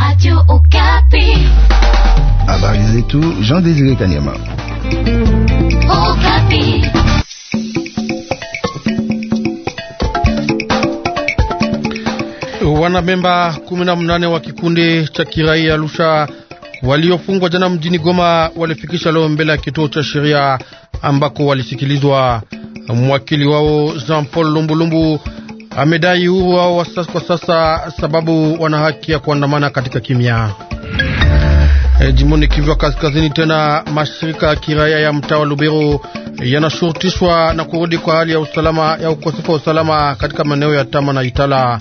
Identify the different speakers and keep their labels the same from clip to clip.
Speaker 1: Radio Okapi.
Speaker 2: Habari zetu Jean Désiré Kanyama. Okapi.
Speaker 3: Wanamemba 18 wa kikundi cha kiraia Lusha waliofungwa jana mjini Goma walifikisha leo mbele ya kituo cha sheria ambako walisikilizwa. Mwakili wao Jean Paul Lumbulumbu amedai uhuru wao kwa sasa, sababu wana haki ya kuandamana katika kimya. E, jimboni Kivu Kaskazini, tena mashirika ya kiraia ya mtaa wa Lubero yanashurutishwa na kurudi kwa hali ya usalama ya ukosefu wa usalama katika maeneo ya Tama na Itala.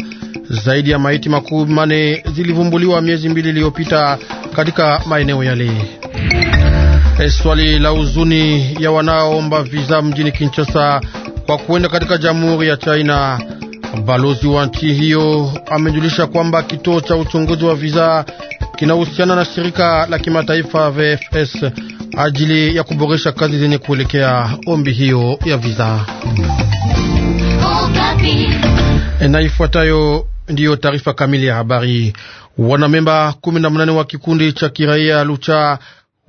Speaker 3: Zaidi ya maiti makumi mane zilivumbuliwa miezi mbili iliyopita katika maeneo yale. E, swali la huzuni ya wanaoomba visa mjini Kinshasa kwa kuenda katika Jamhuri ya China Balozi wa nchi hiyo amejulisha kwamba kituo cha uchunguzi wa visa kinahusiana na shirika la kimataifa VFS ajili ya kuboresha kazi zenye kuelekea ombi hiyo ya visa. Oh, na ifuatayo ndiyo taarifa kamili ya habari. Wanamemba kumi na mnane wa kikundi cha kiraia Lucha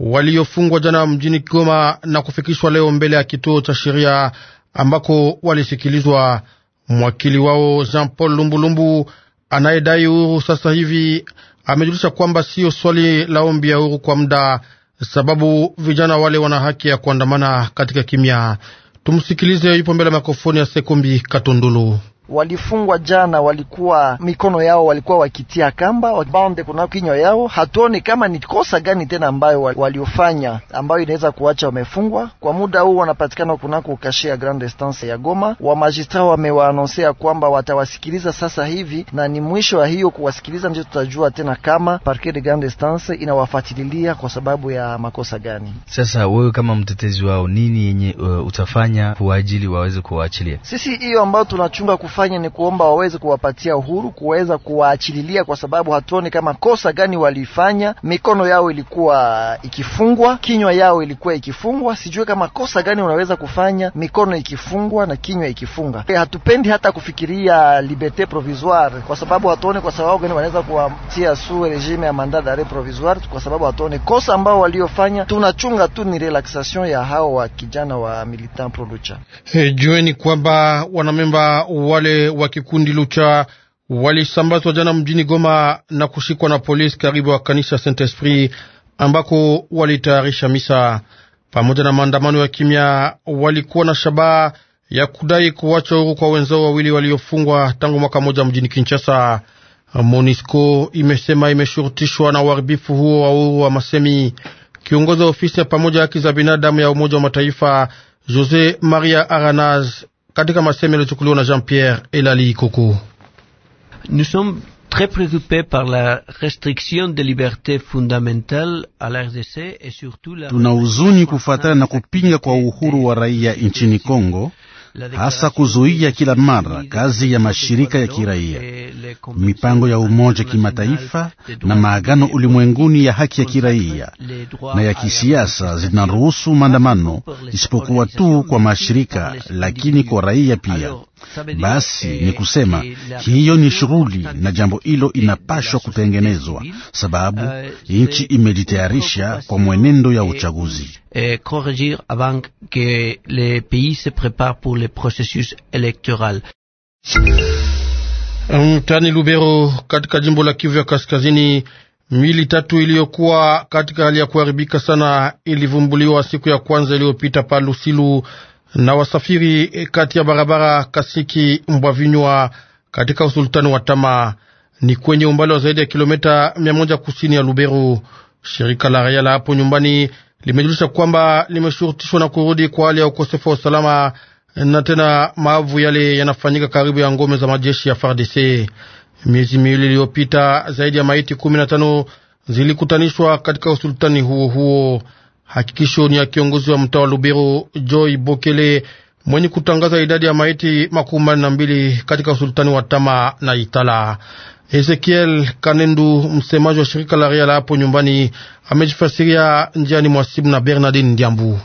Speaker 3: waliofungwa jana mjini Goma na kufikishwa leo mbele ya kituo cha sheria ambako walisikilizwa Mwakili wao Jean Paul Lumbulumbu anayedai uhuru sasa hivi amejulisha kwamba siyo swali la ombi ya uhuru kwa muda, sababu vijana wale wana haki ya kuandamana katika kimya. Tumsikilize, yupo mbele ya makofoni ya Sekumbi Katundulu
Speaker 2: walifungwa jana, walikuwa mikono yao walikuwa wakitia kamba wabande kuna kinywa yao. Hatuoni kama ni kosa gani tena ambayo waliofanya ambayo inaweza kuacha wamefungwa kwa muda huu. Wanapatikana kunako ya grand Estance ya Goma. Wamajistra wamewaanonsea kwamba watawasikiliza sasa hivi, na ni mwisho wa hiyo kuwasikiliza ndio tutajua tena kama parquet de Grand Estance inawafatililia kwa sababu ya makosa gani. Sasa wewe kama mtetezi wao, nini yenye uh, utafanya ajili waweze kuwaachilia? Sisi hiyo ambayo tunachunga kufu wanafanya ni kuomba waweze kuwapatia uhuru, kuweza kuwaachililia, kwa sababu hatuoni kama kosa gani walifanya. Mikono yao ilikuwa ikifungwa, kinywa yao ilikuwa ikifungwa. Sijue kama kosa gani unaweza kufanya mikono ikifungwa na kinywa ikifunga. E, hatupendi hata kufikiria liberte provisoire, kwa sababu hatuoni kwa sababu gani wanaweza kuwatia su regime ya mandat d'arret provisoire, kwa sababu hatuoni kosa ambao waliofanya. Tunachunga tu ni relaxation ya hao wa kijana wa militant pro Lucha.
Speaker 3: Hey, eh, jueni kwamba wanamemba wale wale wa kikundi Lucha walisambazwa jana mjini Goma na kushikwa na polisi karibu wa kanisa Saint Esprit ambako walitayarisha misa. Pamoja na maandamano ya kimya, walikuwa na shabaha ya kudai kuwacha huru kwa wenzao wawili waliofungwa tangu mwaka mmoja mjini Kinshasa. Monisco imesema imeshurutishwa na uharibifu huo wa uhuru wa masemi. Kiongozi wa ofisi ya pamoja haki za binadamu ya Umoja wa Mataifa Jose Maria Aranaz katika maseme yaliyochukuliwa na Jean Pierre Elali Koko.
Speaker 1: très préoccupés par la
Speaker 3: restriction des libertés fondamentales à la RDC et surtout la... Tuna huzuni kufuatana na kupinga kwa uhuru wa raia nchini Kongo hasa kuzuia kila mara kazi ya mashirika ya kiraia, mipango ya umoja kimataifa na maagano ulimwenguni ya haki ya kiraia na ya kisiasa zinaruhusu maandamano, isipokuwa tu kwa mashirika, lakini kwa raia pia. Basi ni kusema hiyo ni shughuli na jambo hilo inapashwa kutengenezwa, sababu euh, nchi imejitayarisha kwa mwenendo ya uchaguzi. Euh, Mtani Lubero katika jimbo la Kivu ya Kaskazini, mili tatu iliyokuwa katika hali ya kuharibika sana ilivumbuliwa siku ya kwanza iliyopita pa Lusilu na wasafiri kati ya barabara Kasiki Mbwavinywa katika usultani wa Tama ni kwenye umbali wa zaidi ya kilomita mia moja kusini ya Luberu. Shirika la raia la hapo nyumbani limejulisha kwamba limeshurutishwa na kurudi kwa hali ya ukosefu wa usalama na tena maavu yale yanafanyika karibu ya ngome za majeshi ya FARDC. Miezi miwili iliyopita, zaidi ya maiti kumi na tano zilikutanishwa katika usultani huo huo. Hakikisho ni ya kiongozi wa mtaa wa Lubero Joy Bokele mwenye kutangaza idadi ya maiti makumi na mbili katika usultani wa Tama na Itala. Ezekiel Kanendu, msemaji wa shirika la riala la hapo nyumbani, amejifasiria njiani mwa simu na Bernardin Ndiambu.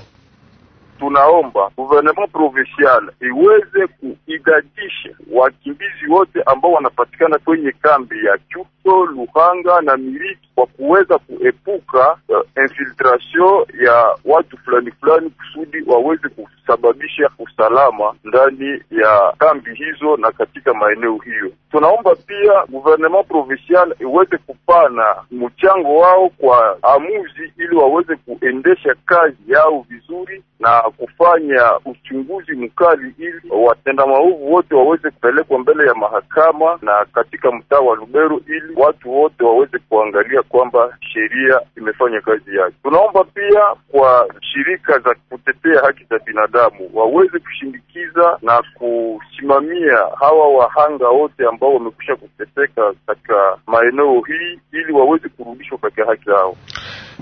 Speaker 4: Tunaomba gouvernement provincial iweze kuidadisha wakimbizi wote ambao wanapatikana kwenye kambi ya Chuto, Luhanga na Miriki kwa kuweza kuepuka uh, infiltration ya watu fulani fulani kusudi waweze kusababisha usalama ndani ya kambi hizo na katika maeneo hiyo. Tunaomba pia gouvernement provincial iweze kupana mchango wao kwa amuzi, ili waweze kuendesha kazi yao vizuri na kufanya uchunguzi mkali, ili watenda maovu wote waweze kupelekwa mbele ya mahakama na katika mtaa wa Lubero, ili watu wote waweze kuangalia kwamba sheria imefanya kazi yake. Tunaomba pia kwa shirika za kutetea haki za binadamu waweze kushindikiza na kusimamia hawa wahanga wote ambao wamekwisha kuteseka katika maeneo hii ili waweze kurudishwa katika haki yao.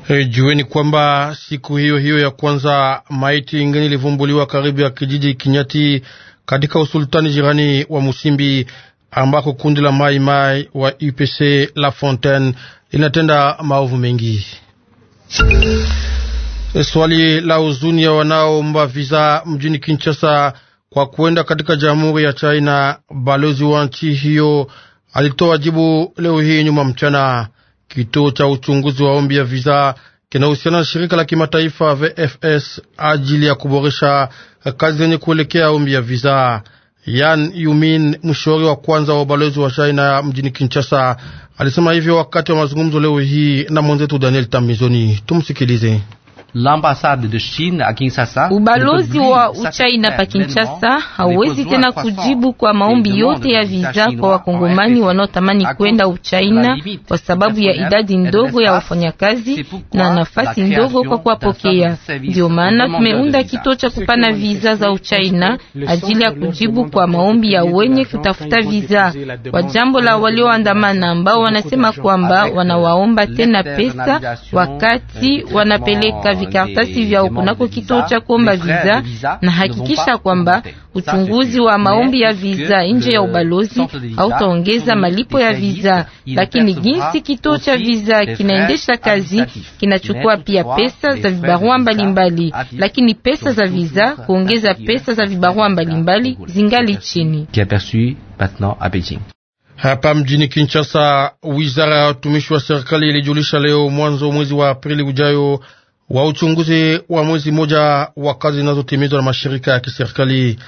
Speaker 3: Hey, eh, jueni kwamba siku hiyo hiyo ya kwanza maiti ingine ilivumbuliwa karibu ya kijiji Kinyati katika usultani jirani wa Musimbi ambako kundi la Mai Mai wa UPC La Fontaine inatenda maovu mengi. Swali la huzuni ya wanaoomba visa mjini Kinshasa kwa kuenda katika jamhuri ya China, balozi wa nchi hiyo alitoa jibu leo hii nyuma mchana. Kituo cha uchunguzi wa ombi ya visa kinahusiana na shirika la kimataifa VFS ajili ya kuboresha kazi zenye kuelekea ombi ya visa. Yan Yumin, mshauri wa kwanza wa ubalozi wa China mjini Kinshasa, alisema hivyo wakati wa mazungumzo leo hii na mwenzetu Daniel Tambizoni. Tumsikilize.
Speaker 1: Ubalozi wa Uchina pa Kinshasa hawezi tena kujibu kwa maombi yote ya visa kwa wakongomani wanaotamani kwenda Uchina kwa sababu ya idadi ndogo ya wafanyakazi na nafasi ndogo kwa kuwapokea. Ndio maana tumeunda kituo cha kupana visa za Uchina ajili ya kujibu kwa maombi ya wenye kutafuta visa. Kwa jambo la walioandamana ambao wanasema kwamba euh, wanawaomba tena pesa wakati wanapeleka vikaratasi vyao kunako kituo cha kuomba viza, na hakikisha kwamba uchunguzi wa maombi ya viza nje ya ubalozi hautaongeza malipo ya viza. Lakini jinsi kituo cha viza kinaendesha kazi, kinachukua pia pesa za vibarua mbalimbali, lakini pesa za viza kuongeza pesa za vibarua mbalimbali zingali chini.
Speaker 3: Hapa mjini Kinshasa, wizara ya watumishi wa serikali ilijulisha leo mwanzo mwezi wa Aprili ujayo wa uchunguzi wa mwezi mmoja wa kazi zinazotimizwa na mashirika ya kiserikali.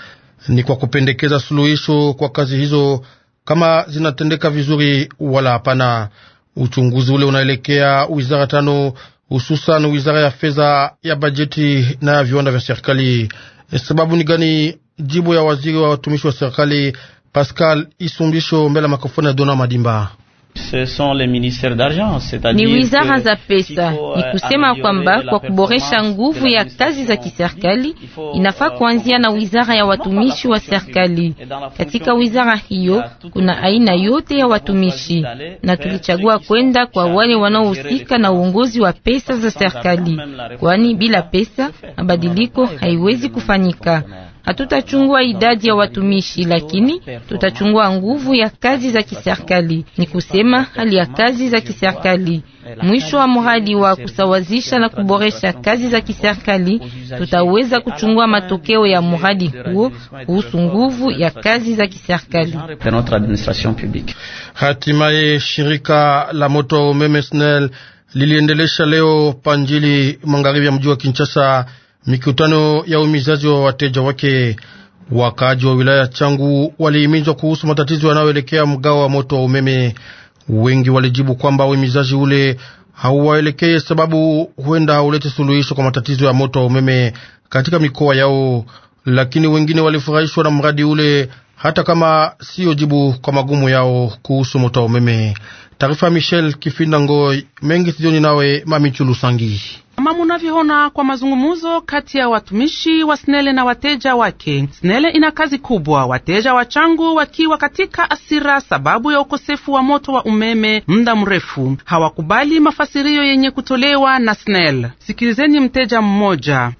Speaker 3: Ni kwa kupendekeza suluhisho kwa kazi hizo kama zinatendeka vizuri wala hapana. Uchunguzi ule unaelekea wizara tano, hususan wizara ya fedha, ya bajeti na ya viwanda vya serikali. E, sababu ni gani? Jibu ya waziri wa watumishi wa serikali Pascal Isumbisho mbele ya makofoni ya Dona Madimba. Ce sont les ministères
Speaker 2: d'argent, ni wizara za
Speaker 1: pesa. Ni kusema kwamba kwa kuboresha nguvu ya kazi za kiserikali inafaa kuanzia na wizara ya watumishi wa serikali. Katika wizara hiyo kuna aina yote ya watumishi, na tulichagua kwenda kwa wale wanaohusika na uongozi wa pesa za serikali, kwani bila pesa mabadiliko haiwezi kufanyika. Hatutachungua idadi ya watumishi, lakini tutachungua nguvu ya kazi za kiserikali, ni kusema hali ya kazi za kiserikali. Mwisho wa mradi wa kusawazisha na kuboresha kazi za kiserikali, tutaweza kuchungua matokeo ya mradi huo kuhusu nguvu ya kazi za kiserikali.
Speaker 3: Hatimaye shirika la moto wa umeme SNEL liliendelesha leo panjili magharibi ya mji wa Kinshasa mikutano ya umizaji wa wateja wake. Wakaaji wa wilaya changu walihimizwa kuhusu matatizo yanayoelekea mgao wa moto wa umeme. Wengi walijibu kwamba uhimizaji ule hauwaelekee, sababu huenda haulete suluhisho kwa matatizo ya moto wa umeme katika mikoa yao, lakini wengine walifurahishwa na mradi ule hata kama siyo jibu kwa magumu yao kuhusu moto wa umeme. Taarifa Michel Kifinda Ngoi mengi studioni, nawe Mami Chulu Sangi.
Speaker 5: Kama munavyoona kwa mazungumuzo kati ya watumishi wa Snele na wateja wake. Snele ina kazi kubwa, wateja wachangu wakiwa katika asira sababu ya ukosefu wa moto wa umeme muda mrefu. Hawakubali mafasirio yenye kutolewa na Snele. Sikilizeni mteja mmoja.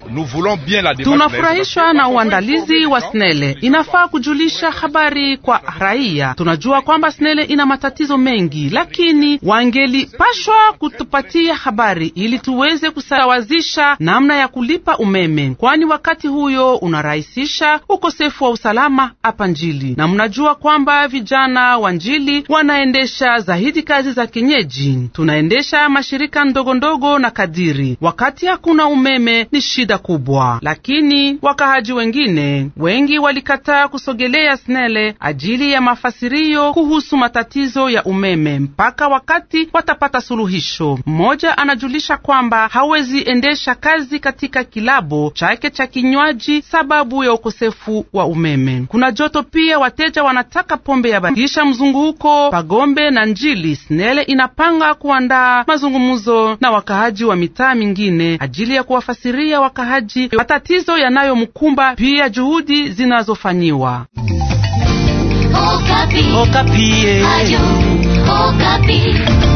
Speaker 5: Tunafurahishwa na uandalizi wa Snele, inafaa kujulisha habari kwa raia. Tunajua kwamba Snele ina matatizo mengi, lakini lakini wangelipashwa kutupatia habari ili tuweze kusawazisha namna ya kulipa umeme, kwani wakati huyo unarahisisha ukosefu wa usalama hapa Njili. Na mnajua kwamba vijana wa Njili wanaendesha zaidi kazi za kinyeji. tunaendesha mashirika ndogo ndogo na kadiri. Wakati hakuna umeme ni shida kubwa, lakini wakahaji wengine wengi walikataa kusogelea Snele ajili ya mafasirio kuhusu matatizo ya umeme mpaka wakati watapata suluhisho. Mmoja anajulisha kwamba hawezi endesha kazi katika kilabo chake cha kinywaji sababu ya ukosefu wa umeme. Kuna joto pia, wateja wanataka pombe ya baridi. Kisha mzunguko Pagombe na Njili Snele inapanga kuandaa mazungumzo na wakaaji wa mitaa mingine ajili ya kuwafasiria wakaaji matatizo yanayomkumba pia juhudi zinazofanyiwa Okapi. Okapi. Oh, copy.